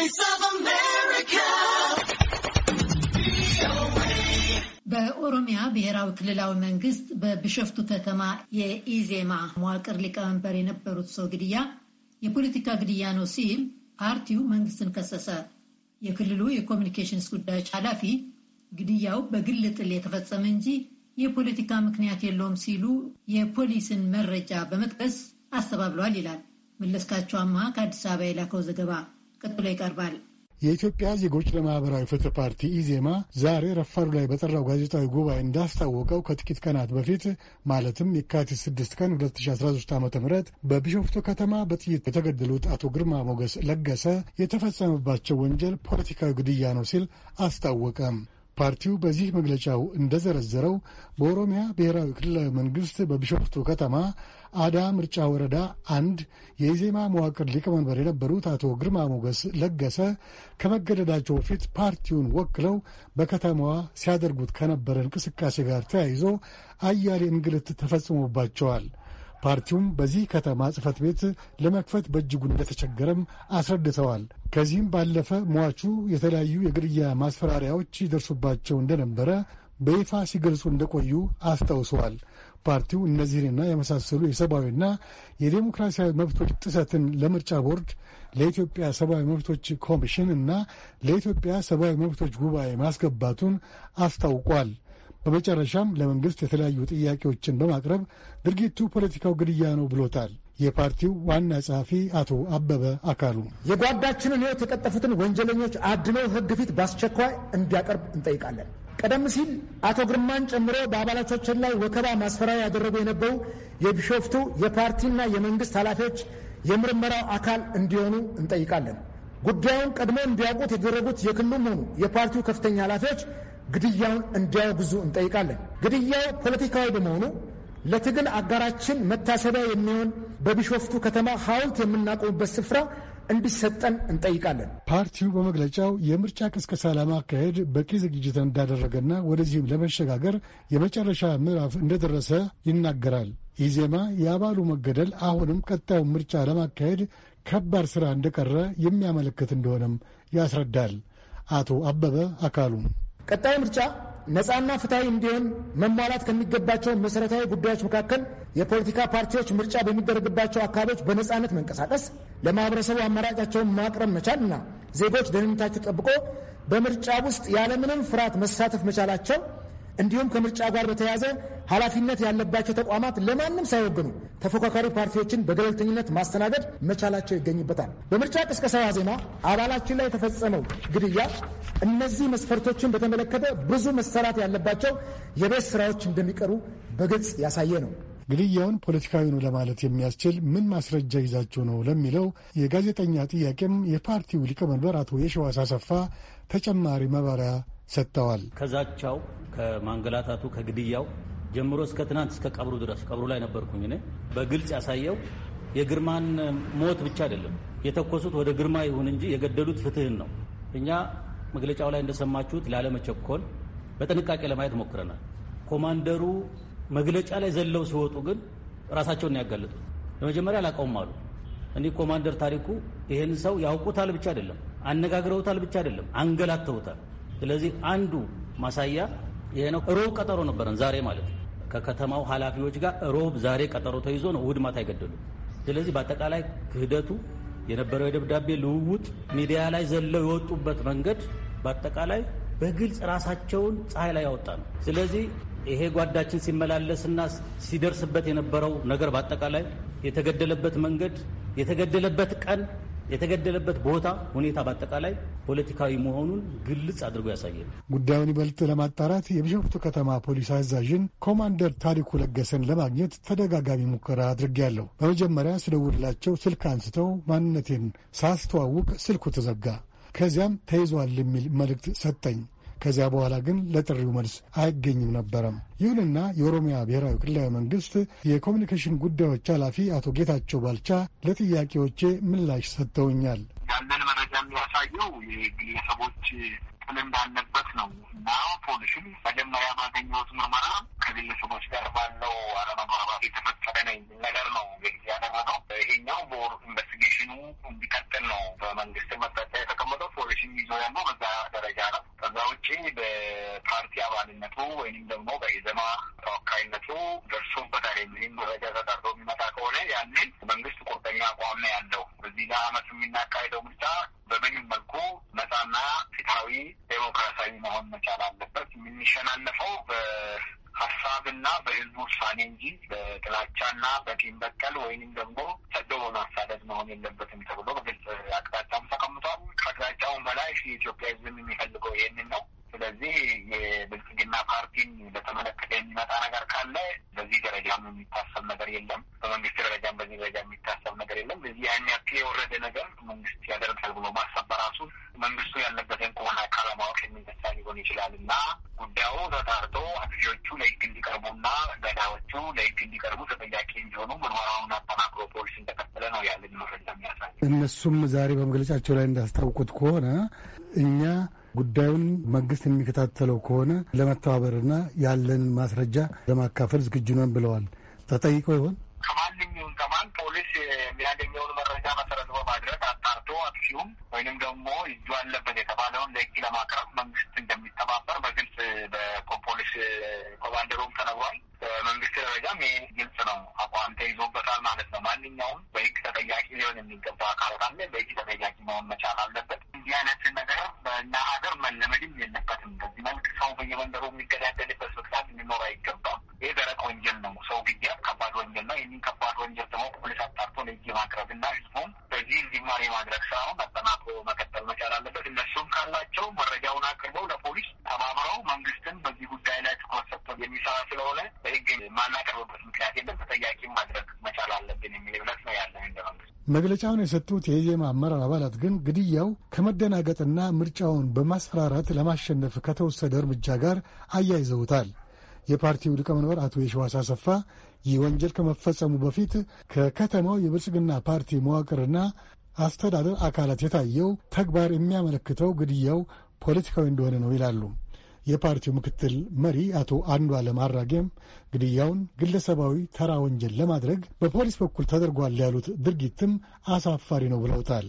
Voice of America. በኦሮሚያ ብሔራዊ ክልላዊ መንግስት በብሸፍቱ ከተማ የኢዜማ መዋቅር ሊቀመንበር የነበሩት ሰው ግድያ የፖለቲካ ግድያ ነው ሲል ፓርቲው መንግስትን ከሰሰ። የክልሉ የኮሚኒኬሽንስ ጉዳዮች ኃላፊ ግድያው በግል ጥል የተፈጸመ እንጂ የፖለቲካ ምክንያት የለውም ሲሉ የፖሊስን መረጃ በመጥቀስ አስተባብሏል ይላል መለስካቸው አማ ከአዲስ አበባ የላከው ዘገባ። ቀጥሎ ይቀርባል። የኢትዮጵያ ዜጎች ለማህበራዊ ፍትህ ፓርቲ ኢዜማ ዛሬ ረፋዱ ላይ በጠራው ጋዜጣዊ ጉባኤ እንዳስታወቀው ከጥቂት ቀናት በፊት ማለትም የካቲት 6 ቀን 2013 ዓ ም በቢሾፍቱ ከተማ በጥይት የተገደሉት አቶ ግርማ ሞገስ ለገሰ የተፈጸመባቸው ወንጀል ፖለቲካዊ ግድያ ነው ሲል አስታወቀም። ፓርቲው በዚህ መግለጫው እንደዘረዘረው በኦሮሚያ ብሔራዊ ክልላዊ መንግስት በቢሾፍቱ ከተማ አዳ ምርጫ ወረዳ አንድ የኢዜማ መዋቅር ሊቀመንበር የነበሩት አቶ ግርማ ሞገስ ለገሰ ከመገደዳቸው በፊት ፓርቲውን ወክለው በከተማዋ ሲያደርጉት ከነበረ እንቅስቃሴ ጋር ተያይዞ አያሌ እንግልት ተፈጽሞባቸዋል። ፓርቲውም በዚህ ከተማ ጽህፈት ቤት ለመክፈት በእጅጉ እንደተቸገረም አስረድተዋል። ከዚህም ባለፈ ሟቹ የተለያዩ የግድያ ማስፈራሪያዎች ይደርሱባቸው እንደነበረ በይፋ ሲገልጹ እንደቆዩ አስታውሰዋል። ፓርቲው እነዚህንና የመሳሰሉ የሰብአዊና የዴሞክራሲያዊ መብቶች ጥሰትን ለምርጫ ቦርድ፣ ለኢትዮጵያ ሰብአዊ መብቶች ኮሚሽን እና ለኢትዮጵያ ሰብአዊ መብቶች ጉባኤ ማስገባቱን አስታውቋል። በመጨረሻም ለመንግስት የተለያዩ ጥያቄዎችን በማቅረብ ድርጊቱ ፖለቲካው ግድያ ነው ብሎታል። የፓርቲው ዋና ጸሐፊ አቶ አበበ አካሉ የጓዳችንን ሕይወት የቀጠፉትን ወንጀለኞች አድነው ሕግ ፊት በአስቸኳይ እንዲያቀርብ እንጠይቃለን። ቀደም ሲል አቶ ግርማን ጨምሮ በአባላቻችን ላይ ወከባ፣ ማስፈራሪያ ያደረጉ የነበሩ የቢሾፍቱ የፓርቲና የመንግስት ኃላፊዎች የምርመራው አካል እንዲሆኑ እንጠይቃለን። ጉዳዩን ቀድሞ እንዲያውቁት የደረጉት የክልሉም ሆኑ የፓርቲው ከፍተኛ ኃላፊዎች ግድያውን እንዲያወግዙ እንጠይቃለን። ግድያው ፖለቲካዊ በመሆኑ ለትግል አጋራችን መታሰቢያ የሚሆን በቢሾፍቱ ከተማ ሐውልት የምናቆምበት ስፍራ እንዲሰጠን እንጠይቃለን። ፓርቲው በመግለጫው የምርጫ ቅስቀሳ ለማካሄድ በቂ ዝግጅት እንዳደረገና ወደዚህም ለመሸጋገር የመጨረሻ ምዕራፍ እንደደረሰ ይናገራል። ኢዜማ የአባሉ መገደል አሁንም ቀጣዩን ምርጫ ለማካሄድ ከባድ ሥራ እንደቀረ የሚያመለክት እንደሆነም ያስረዳል። አቶ አበበ አካሉ ቀጣይ ምርጫ ነፃና ፍትሐዊ እንዲሆን መሟላት ከሚገባቸው መሠረታዊ ጉዳዮች መካከል የፖለቲካ ፓርቲዎች ምርጫ በሚደረግባቸው አካባቢዎች በነፃነት መንቀሳቀስ፣ ለማህበረሰቡ አማራጫቸውን ማቅረብ መቻል እና ዜጎች ደህንነታቸው ጠብቆ በምርጫ ውስጥ ያለምንም ፍርሃት መሳተፍ መቻላቸው እንዲሁም ከምርጫ ጋር በተያያዘ ኃላፊነት ያለባቸው ተቋማት ለማንም ሳይወግኑ ተፎካካሪ ፓርቲዎችን በገለልተኝነት ማስተናገድ መቻላቸው ይገኝበታል። በምርጫ ቅስቀሳ ዋዜማ አባላችን ላይ የተፈጸመው ግድያ፣ እነዚህ መስፈርቶችን በተመለከተ ብዙ መሰራት ያለባቸው የቤት ስራዎች እንደሚቀሩ በግልጽ ያሳየ ነው። ግድያውን ፖለቲካዊ ነው ለማለት የሚያስችል ምን ማስረጃ ይዛችሁ ነው ለሚለው የጋዜጠኛ ጥያቄም የፓርቲው ሊቀመንበር አቶ የሸዋስ አሰፋ ተጨማሪ መባሪያ። ሰጥተዋል። ከዛቻው ከማንገላታቱ ከግድያው ጀምሮ እስከ ትናንት እስከ ቀብሩ ድረስ ቀብሩ ላይ ነበርኩኝ እኔ በግልጽ ያሳየው የግርማን ሞት ብቻ አይደለም የተኮሱት ወደ ግርማ ይሁን እንጂ የገደሉት ፍትህን ነው። እኛ መግለጫው ላይ እንደሰማችሁት ላለመቸኮል በጥንቃቄ ለማየት ሞክረናል። ኮማንደሩ መግለጫ ላይ ዘለው ሲወጡ ግን ራሳቸውን ያጋለጡት ለመጀመሪያ አላቀውም አሉ። እኔ ኮማንደር ታሪኩ ይህን ሰው ያውቁታል ብቻ አይደለም አነጋግረውታል ብቻ አይደለም አንገላተውታል። ስለዚህ አንዱ ማሳያ ይሄ ነው። ሮብ ቀጠሮ ነበረን ዛሬ ማለት ነው ከከተማው ኃላፊዎች ጋር ሮብ ዛሬ ቀጠሮ ተይዞ ነው እሁድ ማታ አይገደሉ። ስለዚህ በአጠቃላይ ክህደቱ የነበረው የደብዳቤ ልውውጥ ሚዲያ ላይ ዘለው የወጡበት መንገድ በአጠቃላይ በግልጽ ራሳቸውን ፀሐይ ላይ ያወጣ ነው። ስለዚህ ይሄ ጓዳችን ሲመላለስና ሲደርስበት የነበረው ነገር በአጠቃላይ የተገደለበት መንገድ የተገደለበት ቀን የተገደለበት ቦታ ሁኔታ በአጠቃላይ ፖለቲካዊ መሆኑን ግልጽ አድርጎ ያሳያል። ጉዳዩን ይበልጥ ለማጣራት የቢሾፍቱ ከተማ ፖሊስ አዛዥን ኮማንደር ታሪኩ ለገሰን ለማግኘት ተደጋጋሚ ሙከራ አድርጌያለሁ። በመጀመሪያ ስደውልላቸው ስልክ አንስተው ማንነቴን ሳስተዋውቅ ስልኩ ተዘጋ። ከዚያም ተይዟል የሚል መልእክት ሰጠኝ። ከዚያ በኋላ ግን ለጥሪው መልስ አይገኝም ነበረም። ይሁንና የኦሮሚያ ብሔራዊ ክልላዊ መንግስት የኮሚኒኬሽን ጉዳዮች ኃላፊ አቶ ጌታቸው ባልቻ ለጥያቄዎቼ ምላሽ ሰጥተውኛል። ያንን መረጃ የሚያሳየው የግለሰቦች ጥል እንዳለበት ነው እና ፖሊስም መጀመሪያ ባገኘሁት ምርመራ ከግለሰቦች ጋር ባለው አለመግባባት የተፈጠረ ነው ነገር ነው ያደረገው። ይሄኛው ቦር ኢንቨስቲጌሽኑ እንዲቀጥል ነው በመንግስት መጠጫ የተቀመጠው። ፖሊስም ይዞ ያለው በዛ ደረጃ ነው። ከዛ ውጪ በፓርቲ አባልነቱ ወይም ደግሞ በኢዘማ ተወካይነቱ ደርሶበታል የሚልም መረጃ ተጠርቶ የሚመጣ ከሆነ ያንን መንግስት ቁርጠኛ አቋም ያለው በዚህ ለአመት የሚናካሄደው ምርጫ በምንም መልኩ ነጻና ፍትሐዊ ዴሞክራሲያዊ መሆን መቻል አለበት። የምንሸናነፈው በሀሳብና በህዝቡ ውሳኔ እንጂ በጥላቻና በቂም በቀል ወይንም ደግሞ ሰዶ በማሳደድ መሆን የለበትም ተብሎ በግልጽ አቅጣጫም ተቀምጧል። ከአቅጣጫውን በላይ የኢትዮጵያ ህዝብ የሚፈል ስለዚህ የብልጽግና ፓርቲን በተመለከተ የሚመጣ ነገር ካለ በዚህ ደረጃም የሚታሰብ ነገር የለም። በመንግስት ደረጃም በዚህ ደረጃ የሚታሰብ ነገር የለም። እዚህ ያን ያክል የወረደ ነገር መንግስት ያደርጋል ብሎ ማሰብ በራሱ መንግስቱ ያለበትን ቁመና ካለማወቅ የሚነሳ ሊሆን ይችላል እና ጉዳዩ ተጣርቶ አጥፊዎቹ ለህግ እንዲቀርቡና ገዳዮቹ ለህግ እንዲቀርቡ ተጠያቂ እንዲሆኑ ምርመራውን አጠናክሮ ፖሊስ እንደቀጠለ ነው ያለን መረጃ የሚያሳይ እነሱም ዛሬ በመግለጫቸው ላይ እንዳስታውቁት ከሆነ እኛ ጉዳዩን መንግስት የሚከታተለው ከሆነ ለመተባበርና ያለንን ማስረጃ ለማካፈል ዝግጁ ነን ብለዋል። ተጠይቀው ይሆን? ከማንኛውም ከማን ፖሊስ የሚያገኘውን መረጃ መሰረት በማድረግ አጣርቶ አክሲዩም ወይንም ደግሞ እጁ አለበት የተባለውን ለህግ ለማቅረብ በየመንደሩ የሚገዳደልበት ምክንያት እንዲኖር አይገባም። ይህ ደረቅ ወንጀል ነው። ሰው ግድያ ከባድ ወንጀል ነው። ይህንን ከባድ ወንጀል ደግሞ ፖሊስ አጣርቶ ለእጅ ማቅረብ እና ህዝቡም በዚህ እንዲማር የማድረግ ስራውን አጠናክሮ መቀጠል መቻል አለበት። እነሱም ካላቸው መረጃውን አቅርበው ለፖሊስ ተባብረው መንግስትን በዚህ ጉዳይ ላይ ትኩረት ሰጥቶ የሚሰራ ስለሆነ በህግ ማናቀርብበት ምክንያት የለም። ተጠያቂም ማድረግ መግለጫውን የሰጡት የኢዜማ አመራር አባላት ግን ግድያው ከመደናገጥና ምርጫውን በማስፈራራት ለማሸነፍ ከተወሰደ እርምጃ ጋር አያይዘውታል። የፓርቲው ሊቀመንበር አቶ የሸዋስ አሰፋ ይህ ወንጀል ከመፈጸሙ በፊት ከከተማው የብልጽግና ፓርቲ መዋቅርና አስተዳደር አካላት የታየው ተግባር የሚያመለክተው ግድያው ፖለቲካዊ እንደሆነ ነው ይላሉ። የፓርቲው ምክትል መሪ አቶ አንዱዓለም አራጌም ግድያውን ግለሰባዊ ተራ ወንጀል ለማድረግ በፖሊስ በኩል ተደርጓል ያሉት ድርጊትም አሳፋሪ ነው ብለውታል።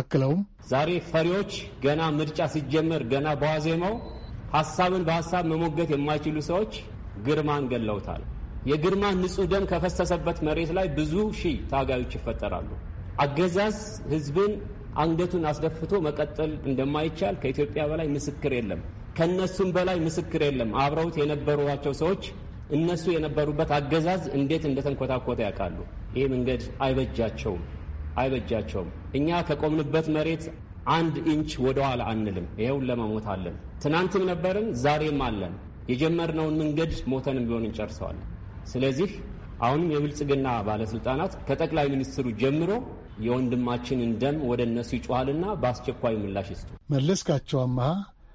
አክለውም ዛሬ ፈሪዎች ገና ምርጫ ሲጀመር ገና በዋዜማው ሀሳብን በሀሳብ መሞገት የማይችሉ ሰዎች ግርማን ገለውታል። የግርማ ንጹህ ደም ከፈሰሰበት መሬት ላይ ብዙ ሺህ ታጋዮች ይፈጠራሉ። አገዛዝ ህዝብን አንገቱን አስደፍቶ መቀጠል እንደማይቻል ከኢትዮጵያ በላይ ምስክር የለም። ከነሱም በላይ ምስክር የለም። አብረውት የነበሯቸው ሰዎች እነሱ የነበሩበት አገዛዝ እንዴት እንደተንኮታኮተ ያውቃሉ። ይህ መንገድ አይበጃቸውም አይበጃቸውም። እኛ ከቆምንበት መሬት አንድ ኢንች ወደኋላ አንልም። ይኸውን ለመሞት አለን። ትናንትም ነበርን፣ ዛሬም አለን። የጀመርነውን መንገድ ሞተንም ቢሆን እንጨርሰዋለን። ስለዚህ አሁንም የብልጽግና ባለስልጣናት ከጠቅላይ ሚኒስትሩ ጀምሮ የወንድማችንን ደም ወደ እነሱ ይጮኋልና በአስቸኳይ ምላሽ ይስጡ። መለስካቸው አመሃ